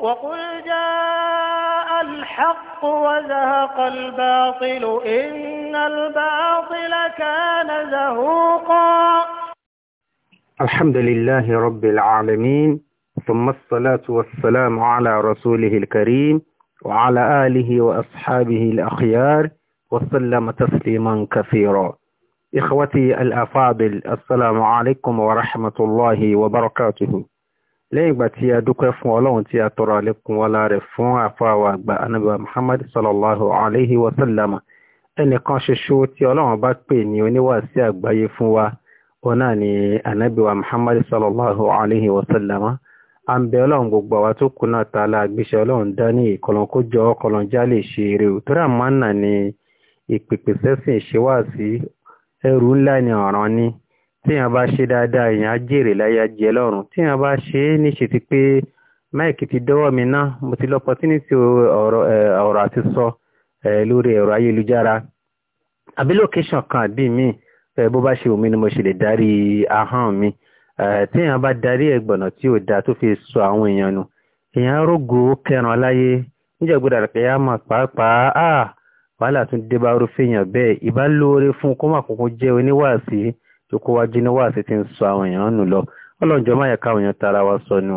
وقل جاء الحق وزهق الباطل إن الباطل كان زهوقا الحمد لله رب العالمين ثم الصلاة والسلام على رسوله الكريم وعلى آله وأصحابه الأخيار وسلم تسليما كثيرا إخوتي الأفاضل السلام عليكم ورحمة الله وبركاته lẹ́yìn ìgbà tí a dúpẹ́ fún ọlọ́run tí a tọrọ àlékún ọlá rẹ̀ fún àfáwà àgbà anábà muhammad sallallahu alaihi wasallama ẹnìkan ṣoṣo tí ọlọ́run bá pè ní oníwàásí àgbáyé fún wa ó náà ni anábìwà muhammad sallallahu alaihi wasallama a ń bẹ ọlọ́run gbogbo àwa tó kù náà ta la gbéṣẹ́ ọlọ́run dání ìkọlọ̀n kó lè ṣe eré ò máa ń nà ní ìpèpèsẹ́sìn ìṣèwàásí ẹrù ńlá ni ọ̀ràn ni téèyàn bá ṣe dáadáa èèyàn á jèrè láyé ajé lọ́rùn téèyàn bá ṣe é níṣe ti pé máìkì ti dọ́wọ́ mi ná mo ti lọ́pọ̀tínítì ọ̀rọ̀ àti sọ lórí ẹ̀rọ ayélujára àbí lókèṣàn kan àbí mi bó bá ṣe wù mí ni mo ṣe lè darí ahọ́n mi téèyàn bá darí ẹ̀gbọ̀nà tí ò dáa tó fi sọ àwọn èèyàn nù èèyàn rógo kẹran láyé níjàgbọ́dà rẹ̀ yá mọ̀ pàápàá wàhálà tún dé bá rúfèèyàn bẹ́ẹ̀ ìbá lóore fún kó má kókó jẹ́ oníwàásí tó kó wá jí ti ń sọ àwọn èèyàn nù lọ ọlọ́njọ́ máa yẹ káwọn èèyàn tara wa sọnù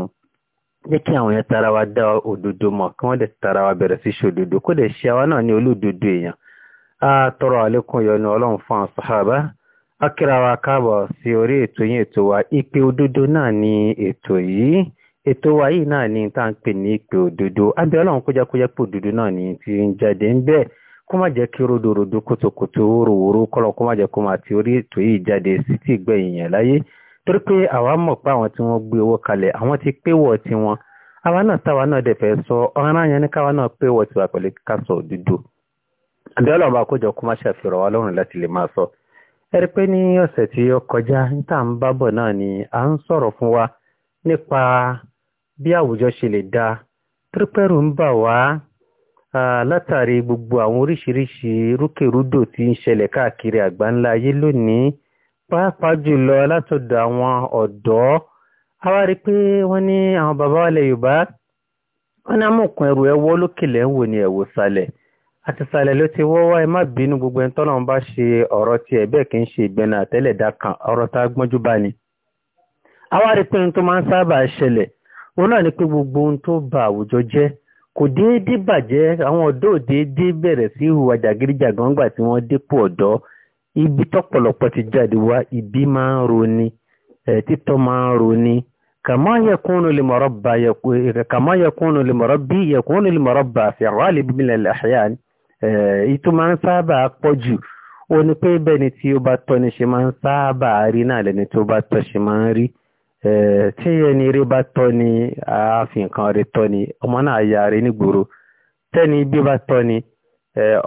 jẹ́ kí àwọn èèyàn tara wa dá òdodo mọ̀ kí wọ́n dẹ̀ tara wa bẹ̀rẹ̀ sí ṣòdodo kó dẹ̀ ṣe àwa náà ní olódodo èèyàn a tọrọ àlékún yọ́nú ọlọ́run fún àwọn sàhábà á kíra wa káàbọ̀ sí orí ètò yín ètò wa ipe òdodo náà ni ètò yìí ètò wa yìí náà ni tá à ń pè ní òdodo ọlọ́run kó má jẹ́ kí rodòrodò kòtòkòtò ròwòrò kọ́lọ̀ kó má jẹ́ kó máa ti orí ètò yìí jáde sí ti gbẹ̀yìn yẹn láyé torí pé àwa mọ̀ pé àwọn tí wọ́n gbé owó kalẹ̀ àwọn ti péwọ̀ tiwọn àwa náà táwa náà dẹ̀ fẹ́ sọ ọ̀ràn yẹn ní káwa náà péwọ̀ tiwa pẹ̀lú ká sọ òdodo àbí ọlọ́run bá kójọ kó ṣàfihàn wa lọ́rùn láti lè máa sọ ẹ rí pé ní ọ̀sẹ̀ tí ó kọjá níta ń bá náà ni à ń sọ̀rọ̀ fún wa nípa bí àwùjọ ṣe lè dáa torí ń bà wá látàrí gbogbo àwọn oríṣiríṣi rúkèrúdò tí ń ṣẹlẹ̀ káàkiri àgbáńlá ayé lónìí pàápàá jùlọ látọ̀dọ̀ àwọn ọ̀dọ́ a wá rí i pé wọ́n ní àwọn bàbá ilẹ̀ yorùbá wọ́n ní amọ̀kùn ẹrù ẹwọ́ lókèlẹ̀ ń wò ní ẹ̀wò sàlẹ̀ àti sàlẹ̀ ló ti wọ́wọ́ ẹ má bínú gbogbo ẹni tọ́lọ́run bá ṣe ọ̀rọ̀ tiẹ̀ bẹ́ẹ̀ kì í ṣe ìgbẹ́nu àtẹ́lẹ̀dá kan ọ̀rọ̀ tá a gbọ́njú bá ni. a wá rí pé ohun tó máa ń sábà ṣẹlẹ̀ òun náà ni pé gbogbo ohun tó ba àwùjọ jẹ́ kò déédé bàjẹ́ àwọn ọ̀dọ́ òdéédé bẹ̀rẹ̀ sí hùwà jàgídíjàgan nígbà tí wọ́n dépò ọ̀dọ́ ibi tọ́pọ̀lọpọ̀ ti jáde wá ibi máa ń roni títọ́ máa ń roni kàmá yakunu limarabba kàmá yakunu limarabbi yakunu limarabba fi ghalib min al-ahyan ìtú máa ń sábà pọ̀ jù ó ní pé bẹ́ẹ̀ ni tí ó bá tọ́ ni ṣe máa ń sábà rí náà lẹ́ni tó bá tọ́ ṣe máa ń rí. tí ẹni rí bá tọ́ ni ààfin kan rẹ̀ tọ́ ọmọ náà ya rẹ̀ nígboro tẹ́ni bí bá tọ́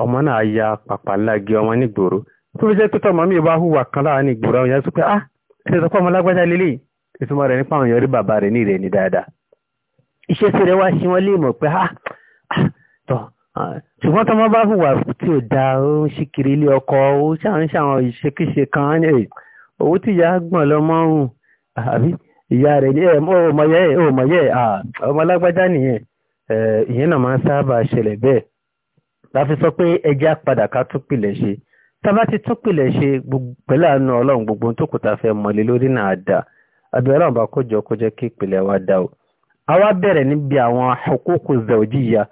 ọmọ náà ya pàpàlágé ọmọ nígboro tó fi jẹ́ pé tọmọ mi bá hùwà kan láàrin ìgboro àwọn èèyàn sọ pé ah ṣe sọ pé ọmọ lágbájá lélẹ̀ ìtumọ̀ rẹ̀ nípa àwọn rí bàbá rẹ̀ ní ìrẹ̀ dáadáa iṣẹ́ rẹ̀ wá sí wọn lè mọ̀ pé ah, ah tọ́ ṣùgbọ́n bá hùwà ìyá rẹ̀ ní ẹ̀ ọ̀ mọ̀yẹ́ ẹ̀ ọ̀ mọ̀yẹ́ ẹ̀ ọmọ alágbájá nìyẹn ìyẹn náà máa ń sábà ṣẹlẹ̀ bẹ́ẹ̀ láfi sọ pé ẹjẹ́ àpadà ká tún pìlẹ̀ ṣe tábà ti tún pìlẹ̀ ṣe pẹ̀lú àánú ọlọ́run gbogbo tó kù tá fẹ́ mọ̀lé lórí náà dà àbí ọlọ́run bá kó jẹ́ kí ìpìlẹ̀ wa dà o àwa bẹ̀rẹ̀ níbi àwọn huququ zawjiyya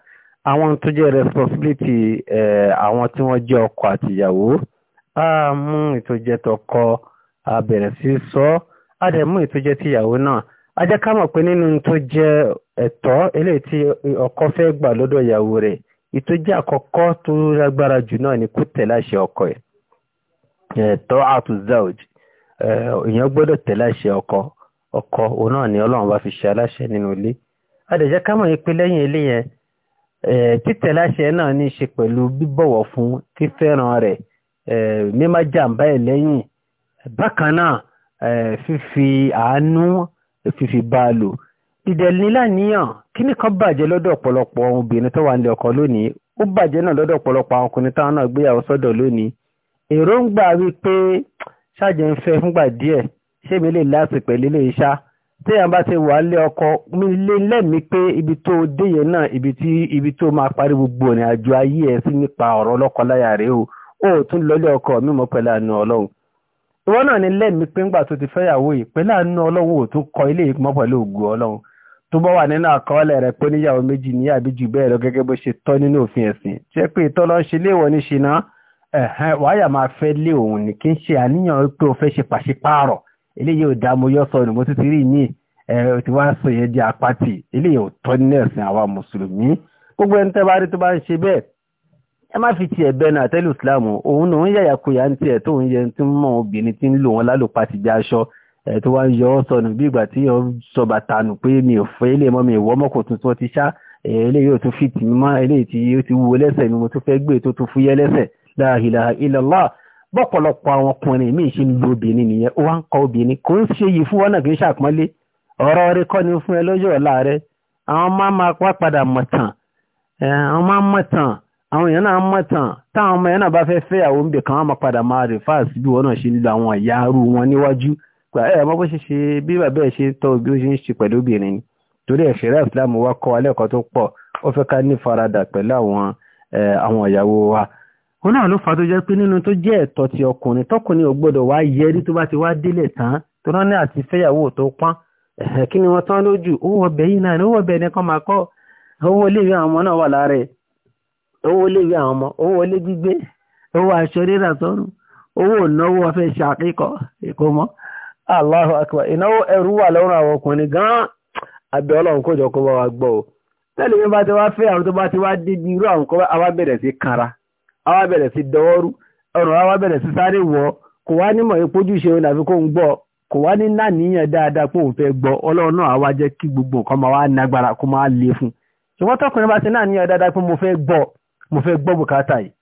àwọn tó jẹ́ responsibility àwọn tí wọ́n jẹ́ ọkọ àtìyàwó á mú ètò jẹ́ sí sọ́ọ́ àdẹ̀mú itoje ti náà a ká mọ̀ pé nínú tó jẹ́ ẹ̀tọ́ eléyìí tí fẹ́ gbà lọ́dọ̀ ìyàwó rẹ̀ ìtújẹ́ àkọ́kọ́ tó lágbára jù náà ni kó ọkọ ẹ̀ ẹ̀tọ́ àtúzáòj èèyàn gbọ́dọ̀ tẹ̀lé àṣẹ ọkọ ọkọ òun náà ni ọlọ́run bá fi ṣe aláṣẹ nínú ilé a ká mọ̀ pé lẹ́yìn ilé yẹn títẹ̀lé náà ní í ṣe pẹ̀lú fún rẹ̀ mímá jàǹbá ẹ̀ náà Eh, fífi àánú fífi bá a lò ìdẹ̀lẹ̀ níláníyàn kí nìkan bàjẹ́ lọ́dọ̀ ọ̀pọ̀lọpọ̀ obìnrin tó wà nílé ọkọ lónìí ó bàjẹ́ náà lọ́dọ̀ ọ̀pọ̀lọpọ̀ àwọn ọkùnrin táwọn náà gbéyàwó sọ́dọ̀ lónìí èròǹgbà wí pé ṣáàjẹ́ ń fẹ́ fúngbà díẹ̀ ṣé mi lè láti pẹ̀lú ilé iṣá téèyàn bá ti wà nílé ọkọ mi lé lẹ́mìí pé ibi tó dé yẹn náà ibi tí ibi tó máa parí gbogbo ìrìn àjò ayé ẹ̀ sí nípa ọ̀rọ̀ ọlọ́kọ láyà rèé o ó tún lọ́lé ọkọ mi pẹ̀lú àánú ọlọ́run ìwọ́n náà ni lẹ́mí pé ńgbà tó ti fẹ́yàwó yìí pé láàánú ọlọ́run ò tún kọ ilé ìpamọ́ pẹ̀lú ògùn ọlọ́run tó bọ́ wà nínú àkọọ́lẹ̀ rẹ̀ pé níyàwó méjì ní àbí jù bẹ́ẹ̀ lọ gẹ́gẹ́ bó ṣe tọ́ nínú òfin ẹ̀sìn tí ẹ pé ìtọ́ lọ ṣe léèwọ̀ ní ṣe náà ẹ̀hẹ́n wáyà máa fẹ́ lé òun ní kí n ṣe àníyàn pé o fẹ́ ṣe pàṣípààrọ̀ eléyìí ò dá mo ni mo ti ti rí ní ẹ ti wá sọ yẹn di apáti eléyìí ò tọ́ ẹ má fi tiẹ̀ bẹ́ẹ̀ náà tẹ́lẹ̀ islam òun náà ń yàyà kuyà ń tiẹ̀ tó ń yẹ tí ń mọ obìnrin tí ń lò wọn lálòpá ti jẹ́ aṣọ ẹ̀ tó wá ń yọ ọ́ sọnù bí ìgbà tí yọ sọ bàtà nù pé mi ò fẹ́ ilé mọ́ ìwọ́ mọ́kò tuntun ti ṣá eléyìí ò tún fi tì mí mọ́ eléyìí tí ó ti wúwo lẹ́sẹ̀ mi mo tún fẹ́ gbé tó tún fúyẹ́ lẹ́sẹ̀ la ilaha illallah bọ́pọ̀lọpọ̀ àwọn ọkùnrin míì ṣe ń lo obìnrin nìyẹn ó wá ń kọ obìnrin kò ń ṣe yìí fún wọn náà kì í ṣàpọ́nlé ọ̀rọ̀ rẹ àwọn èèyàn náà mọ̀ tán táwọn ọmọ èèyàn náà bá fẹ́ fẹ́yàwó ń bè kan wọ́n máa padà máa rè fáàsì bí wọ́n náà ṣe ń lo àwọn ìyá arú wọn níwájú pé ẹ mọ́ bó ṣe ṣe bí bàbá ẹ̀ ṣe tọ́ bí ó ṣe ń ṣe pẹ̀lú obìnrin ni torí ẹ̀ ṣẹ̀rẹ́ ìsìlámù wa kọ́ alẹ́kọ̀ọ́ tó pọ̀ ó fẹ́ ká ní faradà pẹ̀lú àwọn ìyàwó wa òun náà ló fà tó jẹ́ pé nínú tó jẹ́ ẹ̀tọ́ ti ọkùnrin tọkùnrin ò gbọ́dọ̀ wá yẹrí tó bá ti owó léwé àwọn ọmọ owó ilé gbígbé owó aṣọ rírà tọrùn owó ìnáwó ọfẹ ṣàkíkọ èkó mọ Allahu akbar ìnáwó ẹrú wà lọ́rùn àwọn ọkùnrin gan abẹ Ọlọ́run kójọ kó bá wa o tẹ́lẹ̀ mi bá ti wá fẹ, àwọn tó bá ti wá irú àwọn kọ sí kara sí dọwọrú ọrùn sí sáré wọ kò wá ṣe òun àfi kó ń kò wá ní dáadáa pé òun náà gbogbo nǹkan máa wá kó mo fẹ́ gbọ́ bùkátà yìí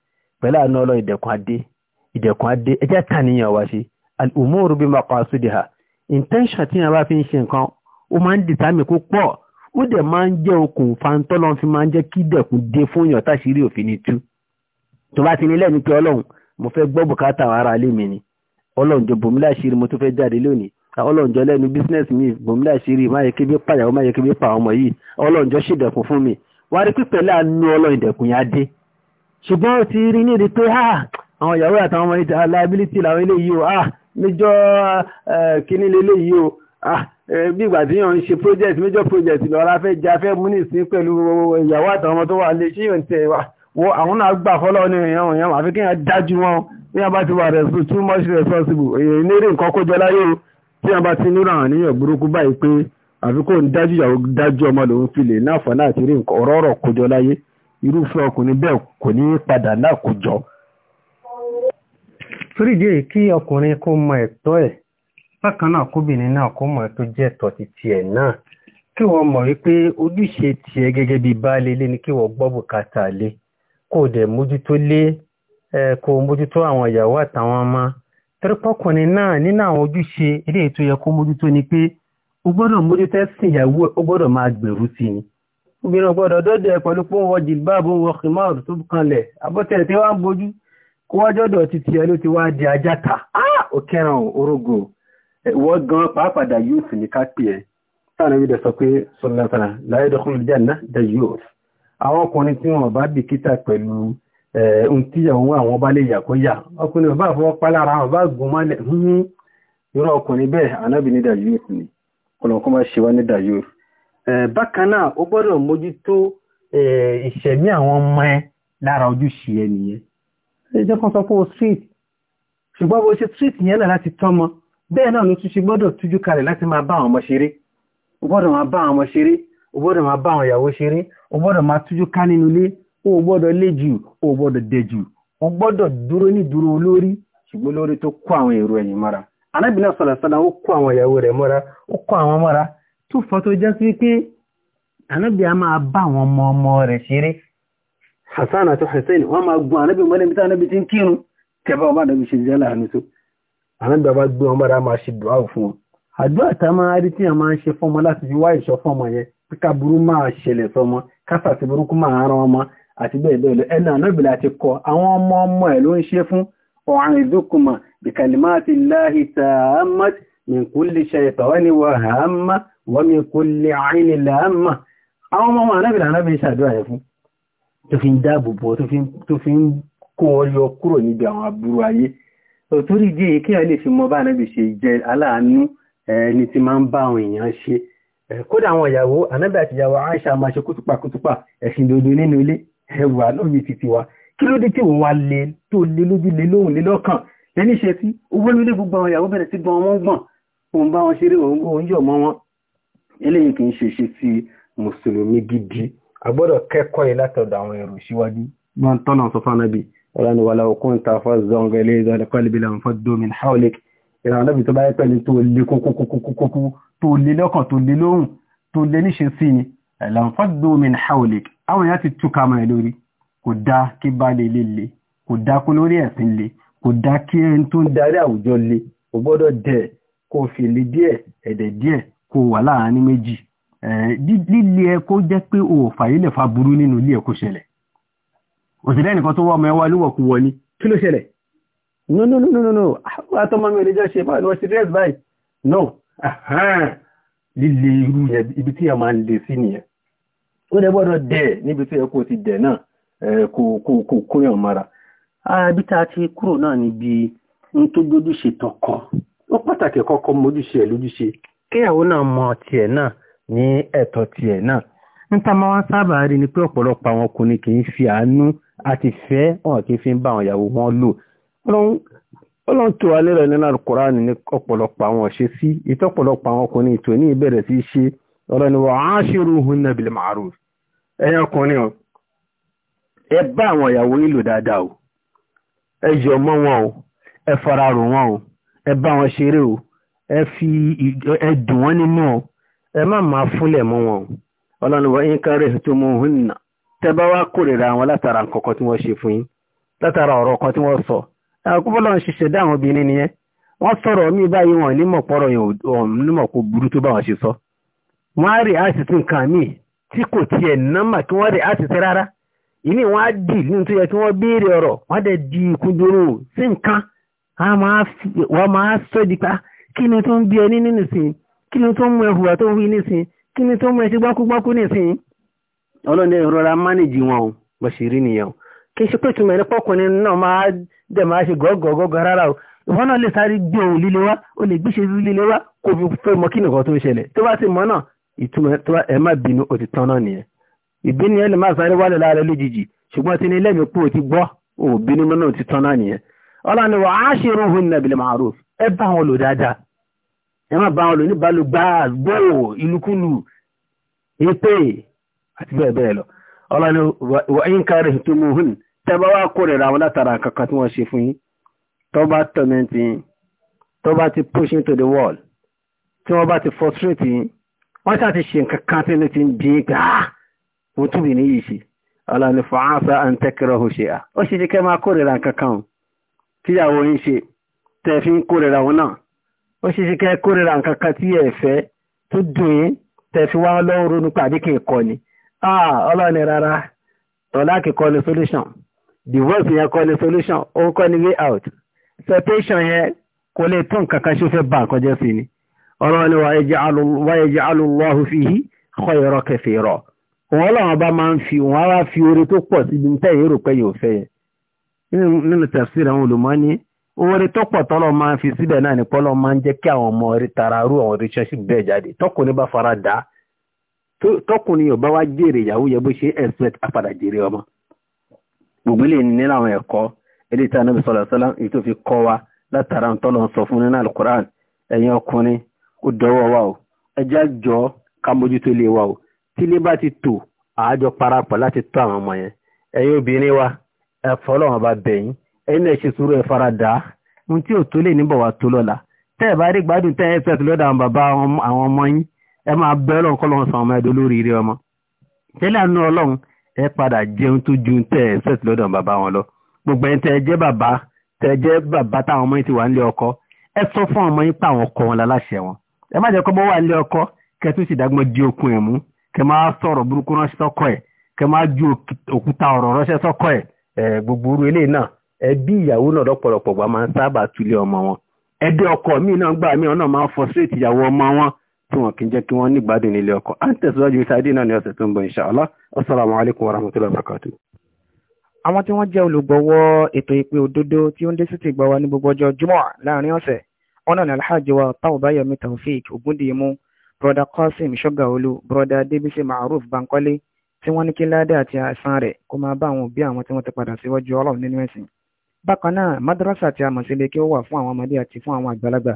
pẹ̀lú àánú ọlọ́ ìdẹ̀kùn adé ìdẹ̀kùn adé ẹjẹ́ tàníyàn wá ṣe al-umuru bi maqasidiha intention tí yẹn bá fi ń ṣe nǹkan ó máa ń dìtámì kó pọ̀ ó dẹ̀ máa ń jẹ́ okùnfà tọ́lọ́n fi máa ń jẹ́ kí dẹ̀kùn dé fún yàn táṣírí òfin ni tú tó bá ti ní lẹ́nu pé ọlọ́run mo fẹ́ gbọ́ bùkátà ara ilé mi ni ọlọ́run jọ mo tó fẹ́ jáde lónìí ọlọ́run lẹ́nu business mi bòmílà ṣírí má yẹ kí bí pàyàwó má yẹ kí bí pa ọmọ yìí ọlọ́run jọ ṣèdẹ̀kùn fún mi wá rí pípẹ́ láàánú ọlọ́run yá dé ṣùgbọ́n ó ti rí ní ìdí pé àwọn ìyàwó àtàwọn ọmọ ìta liability làwọn eléyìí o níjọ́ ah, eh, kíní leléyìí o ah, eh, bí ìgbà tí yàn ń ṣe project major project lọ́la fẹ́ jà fẹ́ mú nísìn pẹ̀lú ìyàwó àtàwọn ọmọ tó wà lé ṣé yàn tẹ̀ wọ àwọn náà gbà fọ́lọ́ ní èèyàn òyìn àfi kéèyàn dájú wọn bí wọn ti wà rẹ̀ too much responsible èèyàn ní èrè nǹkan kó jọ láyé o tí wọn bá ti nírò àwọn àníyàn burúkú báyìí pé àfi kó ń dájú ìyàwó dájú ọmọ lòún fi lè náà fọ́ náà ti rí nǹkan ọ̀rọ̀ ọ̀rọ̀ kó láyé irúfẹ́ ọkùnrin bẹ́ẹ̀ kò ní padà naa torí ìdí èyí kí ọkùnrin kó mọ ẹ̀tọ́ ẹ̀ bákan náà kóbìnrin náà kó mọ tó jẹ́ ẹ̀tọ́ ti tiẹ̀ náà kí wọ́n mọ̀ wípé ojúṣe tiẹ̀ gẹ́gẹ́ bí baálé ilé ni kí wọ́n gbọ́ bùkátà lé kó dẹ̀ mójútó lé kó mójútó àwọn ìyàwó àtàwọn ọmọ tẹ́rẹ́pọ̀kùnrin náà nínú àwọn ojúṣe eléyìí tó yẹ kó mójútó ni pé o gbọ́dọ̀ mójútó ìyàwó o gbọ́dọ̀ máa gbèrú obìnrin ọ̀gbọ́dọ̀ dọ́dẹ̀ pẹ̀lú pé wọ́n jìlbáàbò wọ kìmáàr tó kanlẹ̀ abọ́tẹ̀ tí wọ́n ń bojú kó wọ́n jọ́dọ̀ ti tiẹ̀ ló ti wá di ajáta ó kẹ́ràn orógo wọ́n gan pàápàá yóò sì ní ká pè ẹ́ sáà níbi dẹ̀ sọ pé sọlọ́tàrà láyé dọ́kùnrin díẹ̀ ná dẹ̀ yóò àwọn ọkùnrin tí wọn bá bìkítà pẹ̀lú ohun tí àwọn àwọn bá lè ni ọlọ́kùnrin bá ṣe wá ní bákan náà ó gbọ́dọ̀ mójútó ìṣẹ̀mí àwọn ọmọ ẹ lára ojúṣe ẹ nìyẹn ẹ jẹ́ kan sọ pé o street ṣùgbọ́n bó ṣe street yẹn lẹ̀ láti tọ́mọ bẹ́ẹ̀ náà ló tún ṣe gbọ́dọ̀ tújú kalẹ̀ láti máa bá àwọn ọmọ ṣeré o gbọ́dọ̀ máa bá àwọn ọmọ ṣeré o gbọ́dọ̀ máa bá àwọn ìyàwó ṣeré o gbọ́dọ̀ máa tújú ká nínú ilé o gbọ́dọ̀ lé jù o gbọ́dọ̀ dẹ jù o gbọ́dọ̀ dúró ní dúró olórí ṣùgbọ́n olórí tó kó àwọn èrò ẹ̀yìn mọ́ra anábìnrin sọ̀rọ̀ sọ́dọ̀ ó kó àwọn ìyàwó rẹ̀ mọ́ra ó kó àwọn mọ́ra tó fà tó jẹ́ sí pé ànábì a máa bá àwọn ọmọ ọmọ rẹ̀ ṣeré Hassan àti Hussein wọ́n máa gun ànábì mọ́lẹ̀ mítà ànábì tí ń kírun tẹ́bà ọmọ ànábì ṣe jẹ́ láàánú tó ànábì bá gbé wọn bára máa ṣe dùá fún wọn àdúrà tá máa rí tí a máa ń ṣe fọ́mọ láti fi wá ìṣọ́ fọ́mọ yẹn pé ká burú máa ṣẹlẹ̀ sọmọ káfà sí burúkú máa rán ọmọ àti bẹ́ẹ̀ bẹ́ẹ̀ lọ ẹnu ànábì láti kọ àwọn ọmọ ọmọ ẹ̀ ló ń ṣe fún ọ̀hún ìdókùnmọ̀ bìkàlímà àti láhìtà àmàt min kulli shaytanin wa hamma wa min kulli ainin la'amma àwọn ọmọ anábìlà anábìlà ṣàdúrà yẹn fún tó fi ń dáàbò bò tó fi ń kó wọn yọ kúrò níbi àwọn aburú ayé òtórí ìdí èyí kí a lè fi mọ bá anábì ṣe jẹ aláàánú ẹni tí máa ń bá àwọn èèyàn ṣe kódà àwọn ìyàwó anábì àti ìyàwó Aisha máa ṣe kútùpà kútùpà ẹ̀sìn dodo nínú eléyìí kì í ṣe ṣe sí mùsùlùmí gidi a gbọ́dọ̀ kẹ́kọ̀ọ́ yìí látọ̀dọ̀ àwọn èrò síwájú máa tọ́nà sọ fún anábì ọ̀rọ̀ ni wàlá òkun ta fọ́zọ̀ ọ̀gẹ̀lẹ̀ ìdọ̀lẹ́kọ́lẹ̀ bílẹ̀ fọ́dọ̀ min hawlik ìran anábì tó bá yẹ pẹ̀lú tó le kókókókókókó tó le lọ́kàn tó le lóhùn tó le níṣe sí ni ẹ̀là fọ́dọ̀ min hawlik àwọn èèyàn ti túkà mọ́ ẹ lórí kò dá kí bá lè lè le kò dá kó lórí ẹ̀sìn le kò dá kí ẹni tó ń darí àwùjọ le kò gbọ́dọ̀ dẹ̀ kó fi le díẹ̀ ẹ̀dẹ̀ díẹ̀ kò wà láàárín méjì líle ẹ kó pé o fàyílẹ̀ fa burú nínú ilé ẹ kó ṣẹlẹ̀ òṣèlẹ́ nìkan tó wọ́ ọmọ ẹwà olúwọ̀kú wọ ní kí ló ṣẹlẹ̀ no no no no no àtọ́mọ́ mi ò lè jọ ṣe báyìí lọ sí dress báyìí no líle irú yẹn ibi tí ẹ máa ń le sí nìyẹn ó lè gbọ́dọ̀ dẹ̀ níbi tí ẹ kó ti dẹ̀ náà kò kò kò kóyàn mara ibi tá a kíyàwó náà mọ tiẹ̀ náà ní ẹ̀tọ́ tiẹ̀ náà níta máa wá sábà rí ni pé ọ̀pọ̀lọpọ̀ àwọn ọkùnrin kì í fi àánú àti fẹ́ wọn kì í fi ń bá àwọn ìyàwó wọn lò ọlọ́run tó alẹ́ rẹ̀ nínú ní ọ̀pọ̀lọpọ̀ àwọn sí àwọn ọkùnrin ìtò ní ìbẹ̀rẹ̀ ṣe wa ashiruhunna bil ma'ruf e fi ẹ dùn wọ́n nínú ẹ má máa tó mú un nà tẹ́ wá kórìíra wọn látara tí wọ́n ṣe fún yín látara ọ̀rọ̀ kan tí wọ́n sọ àkúbọ̀lọ́ ń ṣiṣẹ́ dá obìnrin wọ́n sọ̀rọ̀ mí wọn nímọ̀ pọ̀rọ̀ yẹn kó burú tó bá wọn ṣe sọ wọ́n á rí àṣìṣe nǹkan tí kò tiẹ̀ nọ́mà kí wọ́n rí àṣìṣe rárá ìní á dì nínú kí ni tó ń bí ẹni nínú sí kí ni tó ń mú ẹhùwà tó ń wí nísìn kí ni tó ń mú ẹṣin gbákúgbákú nísìn. ọlọ́ni ìrora mánéjì wọn o bó ṣe rí nìyẹn o kì í ṣe pé ìtumọ̀ ẹni pọ́kùnrin náà máa dẹ̀ máa ṣe gọ́gọ́gọ́gọ́ rárá o ìwọ náà lè sáré gbé òun líle wá o lè gbéṣe líle wá kó fi fẹ́ mọ kí nìkan tó ń ṣẹlẹ̀ tó bá ti mọ náà ìtumọ̀ ẹ má bínú o ti tán náà nìyẹn ìbínú ẹ lè má sáré wálẹ̀ ẹ bá wọn lò dáadáa ẹ má bá wọn lò níbalùgbà gbòò ìlúkulù èpè àti bẹ́ẹ̀ bẹ́ẹ̀ lọ ọlọ́ni wà ń kárí tó mú hùn tẹ́ wá kó rẹ̀ra àwọn látara kankan tí wọ́n ṣe fún yín tó tọ́mẹ́ntì tó ti push into the wall tí wọ́n bá ti frustrate yín wọ́n ṣáà ti ṣe nǹkan kan tí ní ti ń bí gbà á wò túbì ní yìí ṣe ọlọ́ni fàáṣà àǹtẹ́kẹrọ ọ̀hún ṣe à ó ṣe ṣe kẹ́ máa kó rẹ̀ra kankan tíyàwó yín ṣe tẹ́ fi ń kórìíra wọn náà ó ṣe ṣe kẹ́ kórìíra nǹkan kan tí ẹ fẹ́ tó dùn yín tẹ́ wá lọ́wọ́ ronú pàdé kì í kọ́ ni ah, ọlọ́run ni rárá tọ́láàkì kọ́ ni solution divorce yẹn kọ́ ni solution ó kọ́ ni way out separation yẹn kò lè tún kankan ṣe fẹ́ bá àkọjẹ́ sí ni ọlọ́run ni wa yaj'alu Allahu fihi khayran kathira òun làwọn bá máa ń fi òun á wá fi oore tó pọ̀ síbi ní tẹ̀yìn rò yóò fẹ́ yẹn nínú tafsir àwọn olùmọ́ oore tó pọ̀ tọ́lọ́ máa ń fi síbẹ̀ náà ní pọ́lọ́ máa ń jẹ́ kí àwọn ọmọ rí tara rú àwọn relationship bẹ́ẹ̀ jáde tọkùnrin bá fara dà á tọkùnrin yóò bá wá jèrè ìyàwó yẹ bó ṣe expect apàdà jèrè ọmọ gbogbo ilé ní nínú àwọn ẹ̀kọ́ ilé tí anábì sọ̀rọ̀ sọ́lá èyí tó fi kọ́ wa látara ń tọ́lọ̀ sọ fún nínú alukoran ẹ̀yin ọkùnrin ó dọwọ́ wa o ẹjá jọ ká mójútó ilé wa o tí ilé bá ti tò àájọ parapọ̀ láti tọ́ àwọn ọmọ yẹn ẹ̀yin obìnrin wa ẹ̀fọ́ lọ́wọ́n bá bẹ̀yìn ẹ̀yin náà ṣe sùúrù ẹ̀ fara dà á ohun tí ò tó lè níbọ̀ wá tó lọ́la tẹ́ ẹ̀ bá rí gbádùn tẹ́ ẹ̀ ẹ̀ pẹ̀tù lọ́dọ̀ àwọn bàbá àwọn ọmọ yín ẹ máa bẹ́ lọ́n kọ́ lọ́n san ọmọ ẹ̀dọ́ lórí ire ọmọ tẹ́lẹ̀ àánú ọlọ́run ẹ padà jẹun tó ju tẹ́ ẹ̀ pẹ̀tù lọ́dọ̀ àwọn bàbá wọn lọ gbogbo ẹni tẹ́ ẹ jẹ́ bàbá tẹ́ ẹ di okun ẹ̀ mú kẹ́ máa sọ̀rọ̀ burúkú ránṣẹ́ sọ́kọ ẹ̀ kẹ́ máa ju òkúta ọ̀rọ̀ ránṣẹ́ sọ́kọ ẹ̀ gbogbo orú eléyìí náà ẹbí ìyàwó náà lọ́pọ̀lọpọ̀ gbà máa ń sábà tulẹ̀ ọmọ wọn ẹbí ọkọ mi náà gbà mí ọ̀nà máa ń fọ́sírètì ìyàwó ọmọ wọn tí wọn kì í jẹ́ kí wọ́n nígbàdùn nílé ọkọ à ń tẹ̀síwájú ìsáyédé náà ní ọ̀sẹ̀ tó ń bọ̀ inshallah assalamu alaikum warahmatullahi wabarakatuh. àwọn tí wọ́n jẹ́ olùgbọ̀wọ́ ètò ìpè òdodo tí ó ń dé sí ti gbà wá ní gbogbo ọjọ́ jumọ́ láàrin ọ̀sẹ̀ ọ̀nà ní alhaji wa tawbayomi taofik ogundiyimu broda qasim shogaolu broda debisi maruf bankole tí wọ́n ní kí ládé àti àìsàn rẹ̀ kó máa bá àwọn òbí àwọn tí wọ́n ti padà síwájú ọlọ́run nínú ẹ̀sìn bákan náà madrasa tí a mọ̀ sí ilé kí ó wà fún àwọn ọmọdé àti fún àwọn àgbàlagbà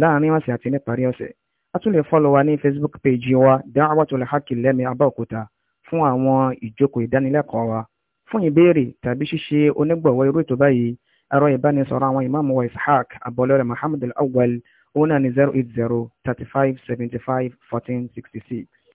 láàrin ọ̀sẹ̀ àti níparí ọ̀sẹ̀ a tún lè fọ́lọ̀ wa ní facebook page wa Da'watul Haqi lẹ́mí abẹ́òkúta fún àwọn ìjókòó ìdánilẹ́kọ̀ọ́ wa fún ìbéèrè tàbí ṣíṣe onígbọ̀wọ́ irú ètò báyìí ẹ̀rọ ìbánisọ̀rọ̀ àwọn ìmáàmù wa ishaq abọ́lẹ́rẹ̀ muhammed awwal òun zero eight zero thirty five seventy five fourteen sixty six.